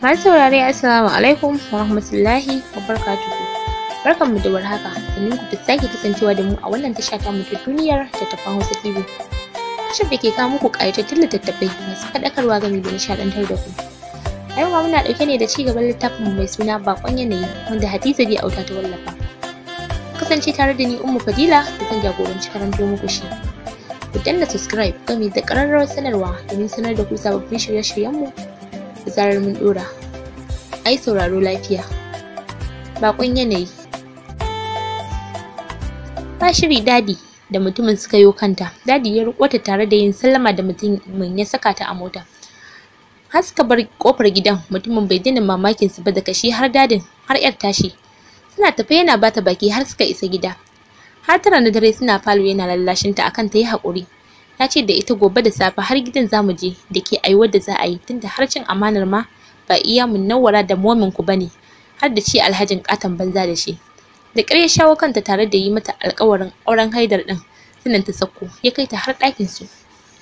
Masu saurare Assalamu alaikum wa rahmatullahi wa barakatuhu. Barkanmu da warhaka, sannan ku sake kasancewa da mu a wannan tasha ta mu ta duniyar sa Hausa TV. Tashar da ke kawo muku ƙayatattun littattafai masu faɗakarwa game da nishaɗantar da ku. A yau muna ɗauke ne da ci gaban littafin mai suna Bakon Yanayi wanda Hadiza Bi Auta ta wallafa. Kasance tare da ni Ummu Fadila da zan jagoranci karanto muku shi. ku danna subscribe game da ƙararrawar sanarwa domin sanar da ku sababbin shirye-shiryenmu da zarar mun dora ai sauraro lafiya bakon yanayi ba shiri dadi da mutumin suka yo kanta dadi ya riko tare da yin sallama da mutumin ya saka ta a mota har suka bar kofar gidan mutumin bai daina mamakin su ba daga shi har dadin har yar tashi suna tafe yana bata baki har suka isa gida har tara na dare suna falo yana lallashin ta akan ta yi haƙuri ta ce da ita gobe da safe har gidan za mu je da ke da za a yi tunda har cin amanar ma ba iya munawwara da momin ku bane har da ce alhajin katon banza da shi da ƙarya shawo kanta tare da yi mata alƙawarin auren haidar ɗin sannan ta sako ya kai ta har ɗakin su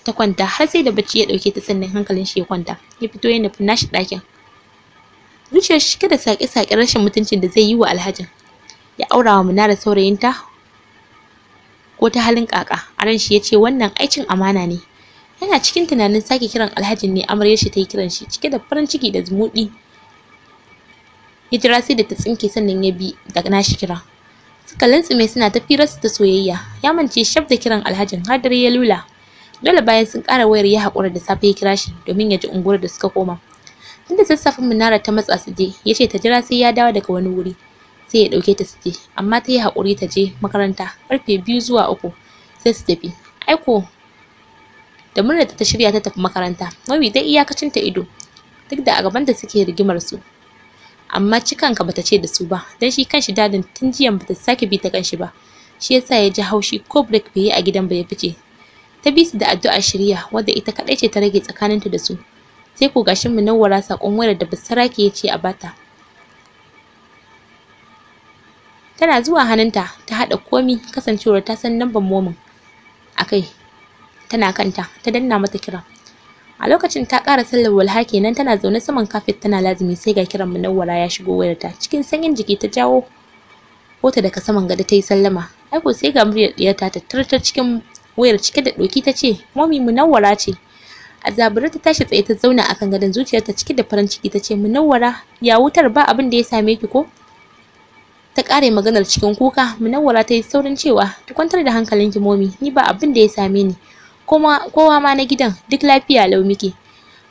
ta kwanta har sai da bacci ya ɗauke ta sannan hankalin shi ya kwanta ya fito ya nufi nashi ɗakin zuciyar shi da saƙe-saƙen rashin mutuncin da zai yi wa alhajin ya aura wa munara saurayinta ko ta halin kaka aran shi yace wannan aicin amana ne yana cikin tunanin sake kiran alhajin ne amaryar shi ta yi kiran shi cike da farin ciki da zumuɗi ya jira sai da ta tsinke sannan ya bi da nashi kira suka lantsume suna ta firarsu ta soyayya ya mance shaf da kiran alhajin har dare ya lula dole bayan sun ƙara wayar ya haƙura da safe ya kira shi domin ya ji unguwar da suka koma tunda sassafen munara ta matsa su je ya ce ta jira sai ya dawo daga wani wuri sai ya ɗauke ta su je amma ta yi haƙuri ta je makaranta ƙarfe biyu zuwa uku sai su tafi aiko da murna ta shirya ta tafi makaranta mawi dai iyakacin ta ido duk da a gaban da suke rigimar su amma cikanka bata ce da su ba dan shi kanshi dadin tun jiyan bata sake bi ta kanshi ba shi yasa ya ji haushi ko break bai yi a gidan ba ya fice ta bi su da addu'a shirya wadda ita kaɗai ce ta rage tsakaninta da su sai ko gashin munawwara sakon wayar da basaraki ya ce a bata tana zuwa hannunta ta haɗa komi kasancewar ta san namban momin a kai tana kanta ta danna mata kira a lokacin ta ƙara sallar walha kenan tana zaune saman kafet tana lazumi sai ga kiran munawwara ya shigo wayarta cikin sanyin jiki ta jawo wata daga saman gado ta yi sallama aiko sai ga muryar ɗiyarta ta tartar cikin wayar cike da ɗoki ta ce munawwara ce a ta tashi tsaye ta zauna akan gadon zuciyarta cike da farin ciki ta ce munawwara ya wutar ba abin da ya same ki ko ta kare maganar cikin kuka munawwara ta yi saurin cewa ki kwantar da hankalin ki momi ni ba abin da ya same ni kuma kowa ma na gidan duk lafiya lau muke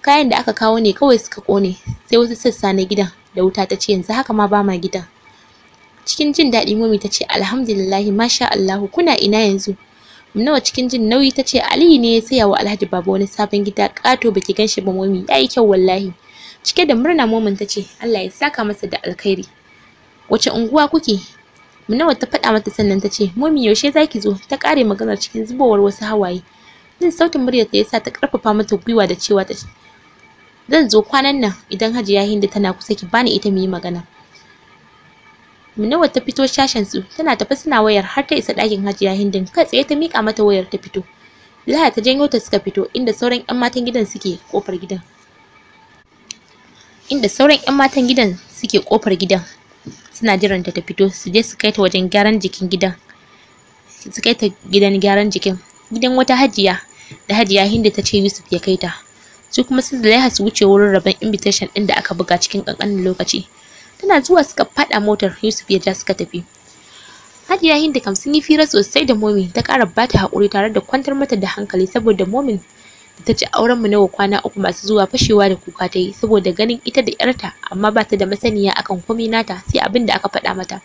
kayan da aka kawo ne kawai suka kone sai wasu sassa na gidan da wuta ta ce yanzu haka ma ba ma gidan cikin jin daɗi momi ta ce alhamdulillahi masha Allahu kuna ina yanzu nawa cikin jin nauyi ta ce Aliyu ne ya saya wa Alhaji Baba wani sabon gida kato baki ganshi ba momi yayi kyau wallahi cike da murna momin ta ce Allah ya saka masa da alkhairi wace unguwa kuke munawa ta faɗa mata sannan ta ce momi yaushe zaki zo ta ƙare maganar cikin zubowar wasu hawaye jin sautin muryar ta yasa ta ƙarfafa mata gwiwa da cewa ta zan zo kwanan nan idan hajiya hinda tana kusa ki bani ita mu yi magana Munawar ta fito shashen su tana tafi suna wayar har ta isa ɗakin hajiya hindin kai tsaye ta miƙa mata wayar ta fito Laha ta janyo ta suka fito inda sauran 'yan matan gidan suke kofar gidan inda sauran 'yan matan gidan suke kofar gidan suna jiran ta fito su je su kai ta wajen gyaran jikin gidan su kai ta gidan gyaran jikin gidan wata hajiya da hajiya hinda ta ce Yusuf ya kai ta su kuma su Zulaiha su wuce wurin rabon invitation din da aka buga cikin kankanin lokaci tana zuwa suka fada motar Yusuf ya ja suka tafi Hajiya Hinda kam sun yi fira sosai da Momi ta ƙara bata haƙuri tare da kwantar mata da hankali saboda Momin ta ci auren mu nawa kwana uku masu zuwa fashewa da kuka ta yi saboda ganin ita da yarta amma ba ta da masaniya akan komai nata sai abin da aka faɗa mata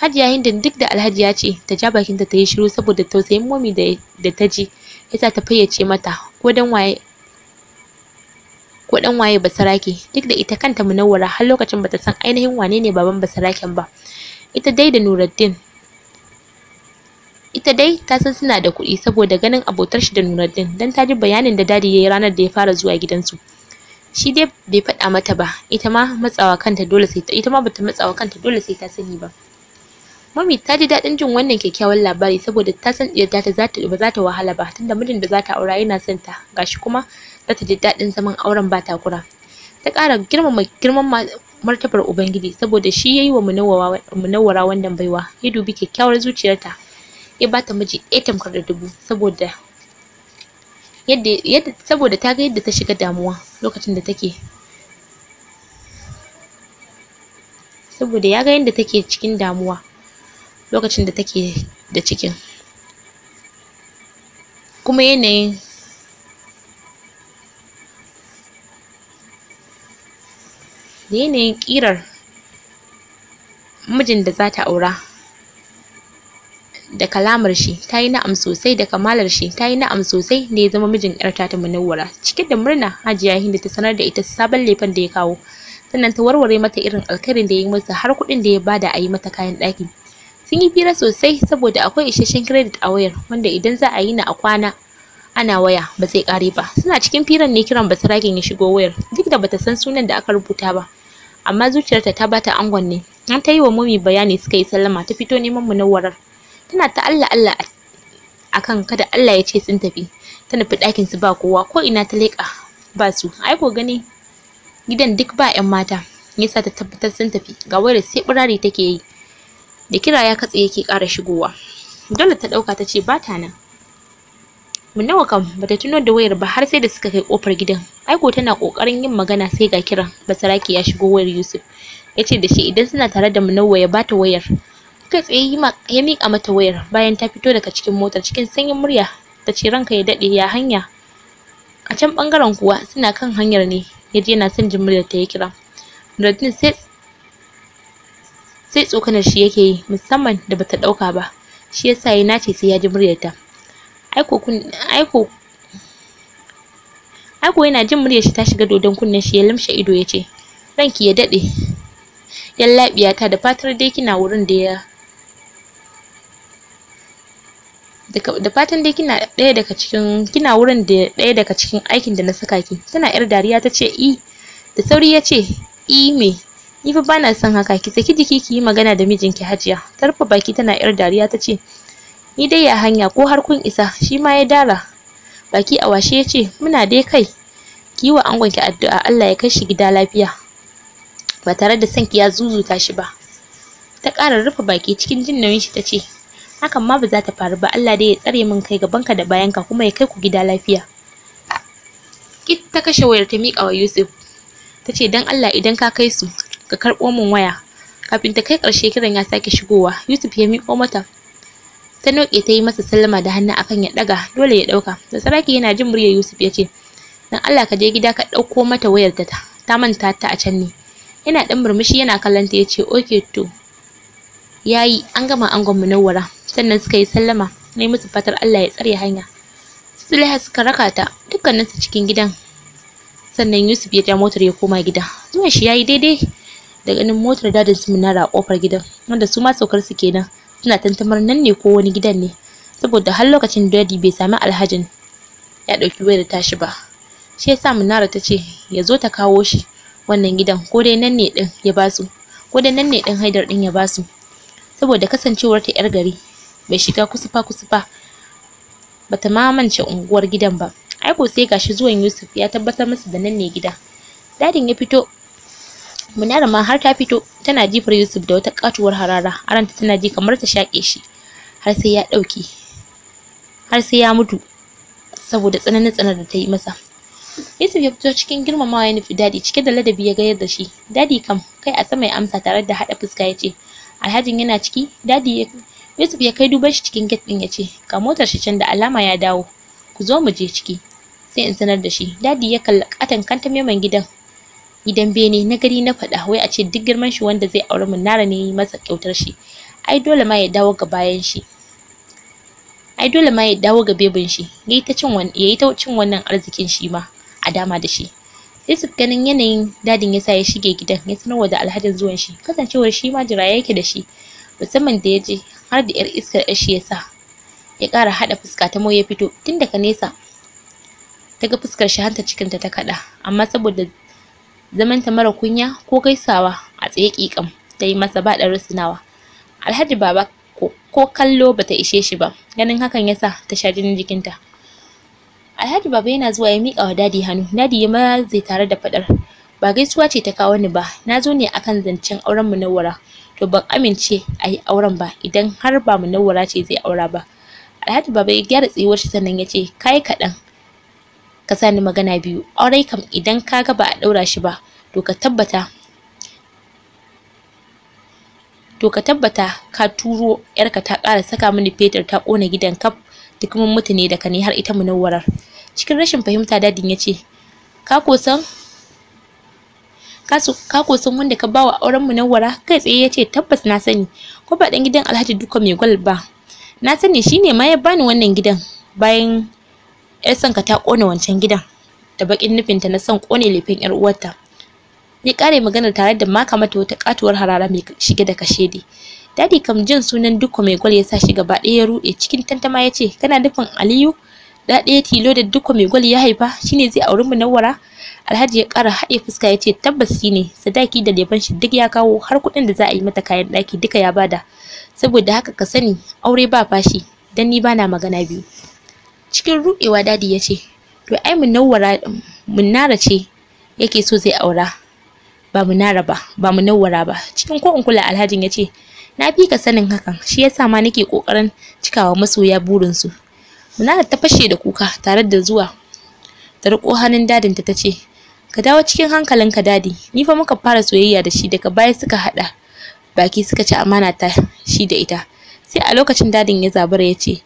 hajiya hindin duk da alhaji ya ce ta ja bakinta ta yi shiru saboda tausayin momi da ta ji yasa ta fayyace mata ko dan waye ko dan waye basarake duk da ita kanta munawwara har lokacin bata san ainihin wane ne baban basaraken ba ita dai da Nuruddin ita dai ta san suna da kuɗi saboda ganin abotar shi da Nuruddin dan ta ji bayanin da dadi ya yi ranar da ya fara zuwa gidansu shi dai bai faɗa mata ba ita ma matsawa kanta dole sai ta ita ma bata matsawa kanta dole sai ta sani ba Mami ta ji daɗin jin wannan kyakkyawan labari saboda ta san yadda ta za ta ba za ta wahala ba tunda mijin da za ta aura yana son ta gashi kuma za ta ji daɗin zaman auren ba takura ta ƙara girmama girman martabar Ubangiji saboda shi yayi wa munawwara wannan baiwa ya dubi kyakkyawar zuciyarta ya bata miji ɗaya tamkar da dubu saboda yadda yadda saboda ta ga yadda ta shiga damuwa lokacin da take saboda ya ga yadda take cikin damuwa lokacin da take da cikin kuma yanayin da yanayin ƙirar mijin da za ta aura da kalamar shi ta yi na'am sosai da kamalar shi ta yi na'am sosai da ya zama mijin yarta ta munawwara cike da murna hajiya hinda ta sanar da ita sabon lefen da ya kawo sannan ta warware mata irin alkarin da ya yi masa har kuɗin da ya bada a yi mata kayan ɗaki sun yi fira sosai saboda akwai isasshen credit a wayar wanda idan za a yi na a kwana ana waya ba zai ƙare ba suna cikin firan ne kiran basiragen ya shigo wayar duk da bata san sunan da aka rubuta ba amma zuciyarta ta bata angon ne an ta yi wa mumi bayani suka yi sallama ta fito neman munawwarar tana ta Allah Allah akan kada Allah ya ce sun tafi ta nufi ɗakin su ba kowa ko ina ta leƙa ba su ai ko gani gidan duk ba 'yan mata yasa ta tabbatar sun tafi ga wayar sai birari take yi da kira ya katse yake ƙara shigowa dole ta ɗauka ta ce ba ta nan Munawa kam bata tuno da wayar ba har sai da suka kai kofar gidan. Aiko tana kokarin yin magana sai ga kiran Basaraki ya shigo wayar Yusuf. Yace da shi idan suna tare da munawwa ya bata wayar. kai tsaye ya miƙa mata wayar bayan ta fito daga cikin motar cikin sanyin murya ta ce ranka ya daɗe ya hanya a can ɓangaren kuwa suna kan hanyar ne ya ji yana son jin muryar ta ya kira Nuruddin sai sai tsokanar shi yake yi musamman da bata ɗauka ba shi yasa ya nace sai ya ji muryar ta aiko kun aiko aiko yana jin muryar shi ta shiga dodon kunnen shi ya limshe ido ya ce ranki ya daɗe yallaɓiya ta da fatar dai kina wurin da ya da fatan dai kina ɗaya daga cikin kina wurin da ɗaya daga cikin aikin da na saka ki tana yar dariya ta ce i da sauri ya ce i me ni fa bana son haka ki saki jiki ki yi magana da mijinki hajiya ta rufe baki tana yar dariya ta ce ni dai ya hanya ko har kun isa shi ma ya dara baki a washe ya ce muna dai kai ki yi wa ki addu'a Allah ya kai shi gida lafiya ba tare da sanki ya zuzuta shi ba ta ƙara rufe baki cikin jin nauyin shi ta ce hakan ma ba za ta faru ba Allah dai ya tsare min kai gabanka da bayan ka kuma ya kai ku gida lafiya ki ta kashe wayar ta miƙa wa Yusuf tace dan Allah idan ka kai su ka karɓo min waya kafin ta kai ƙarshe kiran ya sake shigowa Yusuf ya miƙo mata ta noke ta yi masa sallama da hannu akan ya ɗaga dole ya ɗauka da saraki yana jin muryar Yusuf ya ce dan Allah ka je gida ka ɗauko mata wayar ta ta manta ta a can ne yana ɗan murmushi yana kallon ta ya ce okay to yayi an gama angon munawwara sannan suka yi sallama na musu fatar Allah ya tsare hanya Sulaiha suka raka ta dukkanin su cikin gidan sannan Yusuf ya ja motar ya koma gida zuwan shi yayi daidai da ganin motar dadin su munara a kofar gidan wanda su ma saukar su kenan suna tantamar nan ne ko wani gidan ne saboda har lokacin dadi bai sami alhajin ya ɗauki wayar tashi ba shi yasa munara ta ce ya zo ta kawo shi wannan gidan ko dai nan ne ɗin ya basu ko dai nan ne ɗin haidar ɗin ya basu saboda kasancewar ta yar gari bai shiga kusufa kusufa bata ma mance unguwar gidan ba ai ko sai gashi zuwan Yusuf ya tabbatar masa da nan ne gida dadin ya fito Munara ma har ta fito tana jifar Yusuf da wata katuwar harara aranta tana ji kamar ta shake shi har sai ya dauke har sai ya mutu saboda tsananin tsanar da ta yi masa Yusuf ya fito cikin girmamawa ya nufi dadi cike da ladabi ya gayar da shi dadi kam kai a sama ya amsa tare da haɗa fuska ya ce alhajin yana ciki dadi yusuf ya kai duban shi cikin gate din ya ce ga motar shi can da alama ya dawo ku zo mu je ciki sai in sanar da shi dadi ya kalla katan kanta meman gidan gidan bene na gari na faɗa wai a ce duk girman shi wanda zai aure mun nara ne masa kyautar shi ai dole ma ya dawo ga bayan shi ai dole ma ya dawo ga bebin shi yayi ta yayi ta cin wannan arzikin shi ma a dama da shi Yusuf ganin yanayin dadin yasa ya shige gidan ya sanarwa da alhajin zuwan shi kasancewar shi ma jira yake da shi musamman da ya je har da yar iskar shi ya sa ya ƙara haɗa fuska ta ya fito tun daga nesa taga fuskar shi hanta cikin ta ta kaɗa amma saboda zamanta mara kunya ko gaisawa a tsaye ƙiƙam ta yi masa ba ɗan rusunawa alhaji baba ko kallo bata ishe shi ba ganin hakan yasa ta sha jinin jikinta Alhaji Baba yana zuwa ya miƙa wa Dadi hannu. Dadi ya zai tare da faɗar. Ba gaisuwa ce ta kawo ni ba, na zo ne akan zancen auren Munawwara. To ban amince a yi auren ba idan har ba Munawwara ce zai aura ba. Alhaji Baba ya gyara tsayuwar shi sannan ya ce, "Kai kaɗan, ka ni magana biyu, Aure kam idan ka ga ba a ɗaura shi ba, to ka tabbata to ka tabbata ka turo yarka ta ƙara saka mini fetur ta kona gidan kaf duk mun mutu ne da ka har ita munawwarar cikin rashin fahimta dadin ya ce ka kosan ka kosan wanda ka bawa auren munawwara kai tsaye ya ce tabbas na sani ko ba dan gidan alhaji duka mai gwal ba na sani shine ma ya bani wannan gidan bayan 'yar sanka ta kona wancan gidan da baƙin nufinta na san kone lefin 'yar uwarta ya kare magana tare da maka mata wata katuwar harara mai shige da kashedi dadi kam jin sunan dukko mai gwal ya sa shi gaba ɗaya ya ruɗe cikin tantama ya ce kana nufin aliyu da ɗaya tilo da dukko mai gwal ya haifa shine zai auri munawwara alhaji ya ƙara haɗe fuska ya ce tabbas ne." sadaki da leban shi duk ya kawo har kuɗin da za a yi mata kayan ɗaki duka ya bada saboda haka ka sani aure ba fashi dan ni bana magana biyu cikin ruɗewa dadi ya ce to ai munawwara munnara ce yake so zai aura ba mu nara ba ba mu nawwara ba cikin ko in kula alhajin ya na fi ka sanin hakan shi yasa ma nake kokarin cikawa masoya burin su munara ta fashe da kuka tare da zuwa ta riko hannun dadinta ta tace ka dawo cikin hankalinka dadi ni fa muka fara soyayya da shi daga baya suka haɗa baki suka ci amana ta shi da ita sai a lokacin dadin ya zabara yace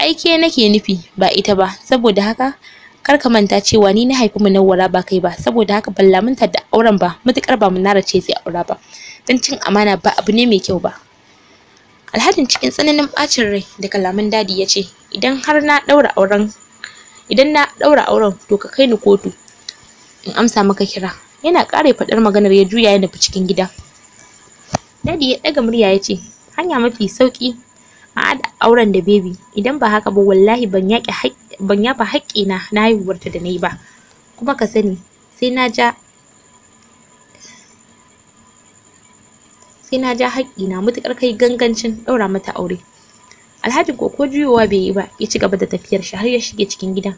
aike nake nufi ba ita ba saboda haka kar ka manta cewa ni na haifi munawwara ba kai ba saboda haka ban lamunta da auren ba mutukar ba munara ce zai aura ba dan cin amana ba abu ne mai kyau ba alhajin cikin tsananin bacin rai da kalaman dadi ya ce idan har na daura auren idan na daura auren to ka kai ni kotu in amsa maka kira yana kare faɗar maganar ya juya ya nufi cikin gida dadi ya ɗaga murya ya ce hanya mafi sauki a auren da bebi idan ba haka ba wallahi ban yaƙi ban yafa haƙƙina na haihuwarta da na yi ba kuma ka sani sai na ja sai na ja haƙƙina matuƙar kai gangancin ɗaura mata aure alhaji ko ko juyowa bai yi ba ya ci gaba da tafiyar shi har ya shige cikin gidan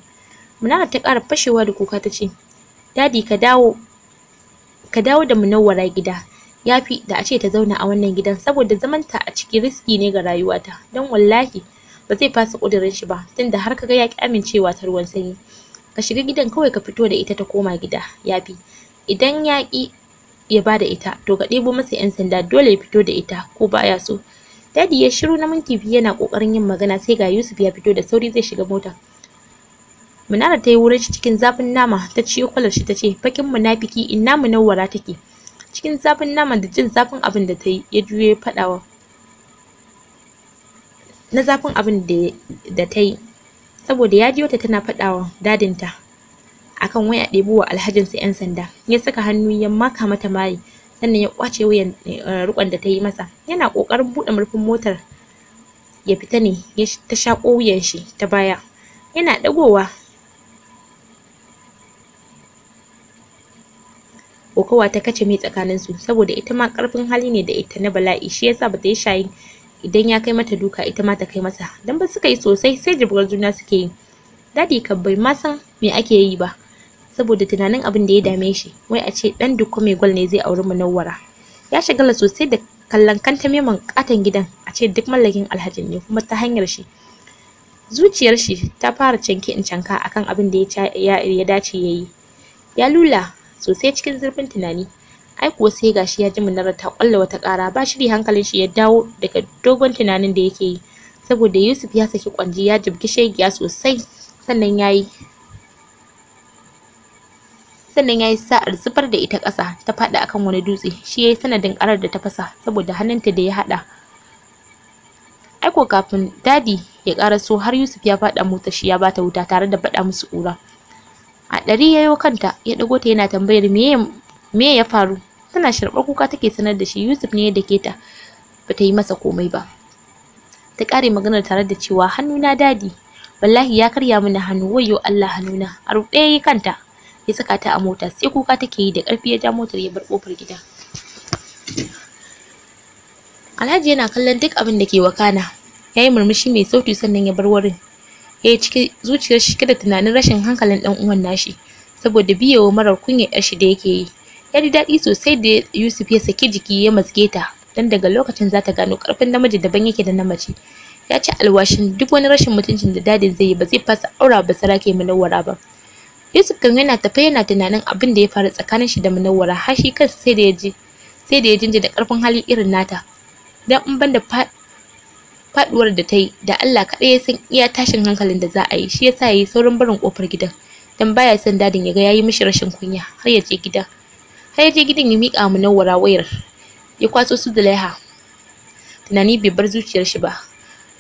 munana ta ƙara fashewa da kuka ta ce dadi ka dawo ka dawo da munawwara gida yafi da a ce ta zauna a wannan gidan saboda zamanta a ciki riski ne ga rayuwata don wallahi ba zai fasa ƙudurin shi ba tunda har kaga ya ki amincewa ta ruwan sanyi ka shiga gidan kawai ka fito da ita ta koma gida yafi idan ya ya bada ita to ka ɗebo masa yan sanda dole ya fito da ita ko ba ya so dadi ya shiru na minti biyu yana ƙoƙarin yin magana sai ga Yusuf ya fito da sauri zai shiga mota Munara ta yi wurin shi cikin zafin nama ta ciyo kwalar shi ta ce bakin munafiki inna munawwara take cikin zafin nama da jin zafin abin da ta yi ya juyo ya faɗawa na zafin abin da ta yi saboda ya ji wata tana faɗawa dadinta akan waya ɗebo wa alhajinsa 'yan sanda ya saka hannu ya maka mata maye sannan ya kwace wuyan eh, rukon da ta yi masa yana ƙoƙarin buɗe murfin motar ya fita ne ta shaƙo wuyan shi ta baya yana ɗagowa kokawa ta kace mai su saboda ita ma ƙarfin hali ne da ita na bala'i shi yasa bata yi shayin idan ya kai mata duka ita ma ta kai masa dan ba suka yi sosai sai jibgar juna suke yi dadi kan bai ma san me ake yi ba saboda tunanin abin da ya dame shi wai a ce dan duk mai gwal ne zai auri munawwara ya shagala sosai da kallon kanta meman katon gidan a ce duk mallakin Alhaji ne kuma ta hanyar shi zuciyar shi ta fara canke in canka akan abin da ya dace ya yi ya lula sosai cikin zurfin tunani ai kuwa sai gashi ya ji munarra ta kwalla wata ƙara ba shiri hankalin shi ya dawo daga dogon tunanin da yake yi saboda Yusuf ya saki kwanji ya jibgi shegiya sosai sannan ya yi sannan ya sa'ar zubar da ita ƙasa ta faɗi akan wani dutse shi ya yi sanadin ƙarar da ta fasa saboda hannunta da ya haɗa aiko kafin dadi ya so har Yusuf ya faɗa mota shi ya bata wuta tare da baɗa musu ƙura a ɗari ya kanta ya ɗago ta yana tambayar meye me ya faru tana sharɓar kuka take sanar da shi Yusuf ne ya dake ta bata yi masa komai ba ta ƙare magana, tare da cewa hannu na dadi wallahi ya karya mini hannu wayo Allah hannuna a ruɗe kanta ya saka ta a mota sai kuka take yi da ƙarfi ya ja motar ya bar ƙofar gida Alhaji yana kallon duk abin da ke wakana ya yi murmushi mai sauti sannan ya bar wurin ya yi zuciyar shi kada tunanin rashin hankalin ɗan uwan nashi saboda biyewa marar kunyar shi da yake yi ya ji daɗi sosai da Yusuf ya saki jiki ya maske ta dan daga lokacin za ta gano ƙarfin namiji daban yake da na mace ya ci alwashin duk wani rashin mutuncin da dadi zai yi ba zai fasa aura ba sarake munawwara ba Yusuf kan yana tafe yana tunanin abin da ya faru tsakanin shi da munawwara har shi kansa sai da ya ji sai da ya da ƙarfin hali irin nata dan in banda faduwar da ta yi da Allah kaɗai ya san iya tashin hankalin da za a yi shi yasa ya yi saurin barin ƙofar gidan dan baya son dadin ya ga ya yi mishi rashin kunya har ya je gidan. har je gidan ya miƙa mu nawara wayar ya kwaso su da laiha tunani bai bar zuciyar shi ba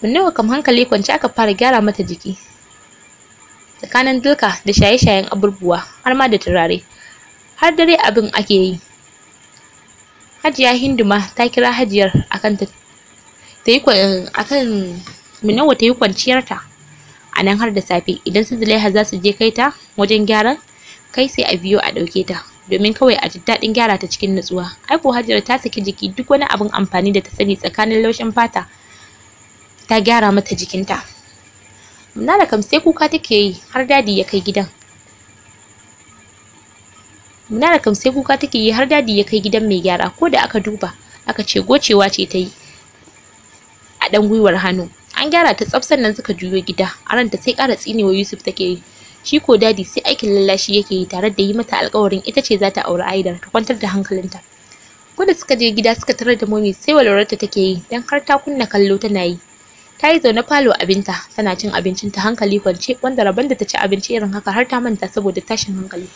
Munnawa kam hankali kwance aka fara gyara mata jiki tsakanin duka da shaye-shayen abubuwa har ma da turare har dare abin ake yi Hajiya Hinduma ta kira Hajiyar akan ta ta yi akan ta yi kwanciyarta a nan har da safe idan su Zulaiha za su je kai ta wajen gyaran kai sai a biyo a ɗauke ta domin kawai a ji daɗin gyara ta cikin nutsuwa ai ko hajara ta saki jiki duk wani abin amfani da ta sani tsakanin laushin fata ta gyara mata jikinta Nana kam sai kuka take yi har dadi ya kai gidan kam sai kuka take yi har dadi ya kai gidan mai gyara ko da aka duba aka ce gocewa ce ta yi a ɗan gwiwar hannu an gyara ta tsaf sannan suka juyo gida a ranta sai ƙara tsinewa Yusuf take yi shi ko dadi sai aikin lallashi yake yi tare da yi mata alƙawarin ita ce za ta auri aidar ta kwantar da hankalinta ko da suka je gida suka tarar da momi sai walwarta take yi dan har ta kunna kallo tana yi ta yi zaune falo abinta tana cin abincin ta hankali kwance wanda rabon da ta ci abinci irin haka har ta manta saboda tashin hankali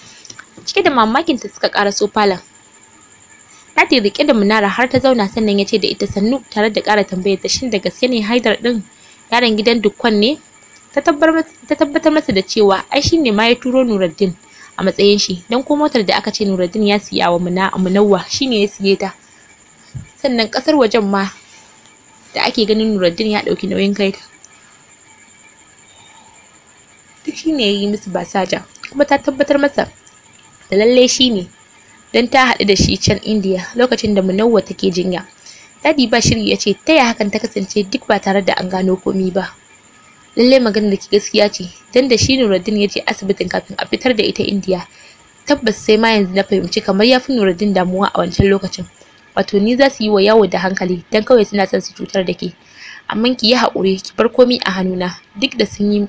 cike da mamakin ta suka karaso falon Nadi rike da Munara har ta zauna sannan ya ce da ita sannu tare da ƙara tambayar ta shin da gaske ne Haidar din yaron gidan Dukkan ne ta tabbatar mata da cewa ai shine ma ya turo Nuruddin a matsayin shi dan ko motar da aka ce Nuruddin ya siya wa Munawwa shine ya siye ta sannan kasar wajen ma da ake ganin Nuruddin ya dauki nauyin kai ta duk shine ya yi musu basaja kuma ta tabbatar masa da lalle shine dan ta haɗu da shi can India lokacin da Munawwa take jinya Dadi ba shiri ya ce taya hakan ta kasance duk ba tare da an gano komi ba. lallai maganar da gaskiya ce dan da shi Nuruddin ya je asibitin kafin a fitar da ita Indiya tabbas sai ma yanzu na fahimci kamar ya fi Nuruddin damuwa a wancan lokacin wato ni za su yi wa yawo da hankali dan kawai suna son su cutar da ke amma ki yi haƙuri ki bar komai a hannuna duk da sun yi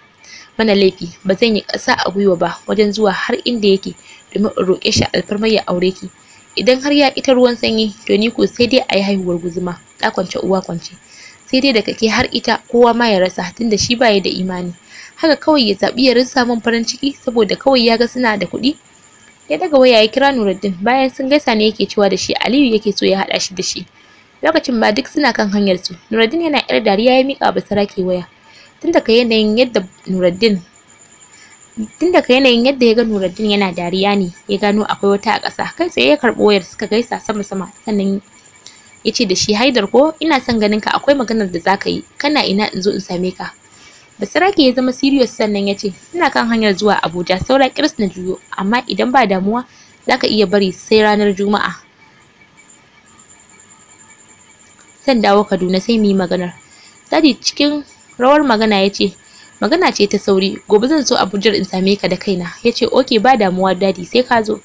mana laifi ba zan yi ƙasa a gwiwa ba wajen zuwa har inda yake domin in roƙe shi alfarmar ya aure ki idan har ya ita ruwan sanyi to ni ko sai dai a yi haihuwar guzuma Ɗa kwance uwa kwance sai dai daga ke har ita kowa ma ya rasa tunda shi baya da imani haka kawai ya zabi ya rinsa min farin ciki saboda kawai ya ga suna da kuɗi ya daga waya ya kira Nuruddin bayan sun gaisa ne yake cewa da shi Aliyu yake so ya haɗa shi da shi lokacin ba duk suna kan hanyar su Nuruddin yana yar dariya ya mika ba sarake waya tun daga yanayin yadda Nuruddin tun daga yanayin yadda ya ga Nuruddin yana dariya ne ya gano akwai wata a ƙasa kai sai ya karɓi wayar suka gaisa sama sama sannan yace da shi haidar ko ina son ganin ka akwai maganar da zaka yi kana ina in zo in same ka basarake ya zama serious sannan yace ina kan hanyar zuwa abuja saura kiris na juyo amma idan ba damuwa zaka iya bari sai ranar juma'a zan dawo kaduna sai mu yi maganar dadi cikin rawar magana yace magana ce ta sauri gobe zan so abuja in same ka da kaina ya ce oke ba damuwa dadi sai ka zo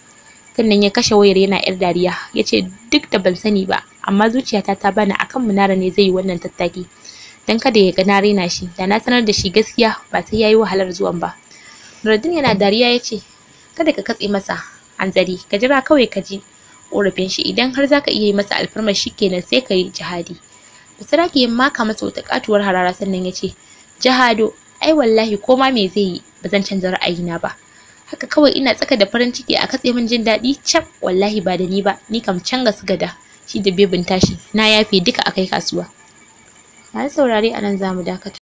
sannan ya kashe wayar yana yar dariya yace duk da ban sani ba amma zuciyata ta bani akan munara ne zai yi wannan tattaki dan kada ya ga na raina shi da na sanar da shi gaskiya ba sai yayi wahalar zuwan ba Nuruddin yana dariya ya ce kada ka katse masa hanzari ka jira kawai ka ji Ƙorafin shi idan har zaka iya yi masa alfarmar shikenan sai ka yi jihadi Basaraki ya maka masa wata katuwar harara sannan ya ce jihado ai wallahi ko ma me zai yi ba zan canza ra'ayina ba haka kawai ina tsaka da farin ciki a katse min jin daɗi Can! wallahi ba da ni ba ni kam can su gada shi da bebin tashi na yafe duka a kai kasuwa masu saurare a nan dakata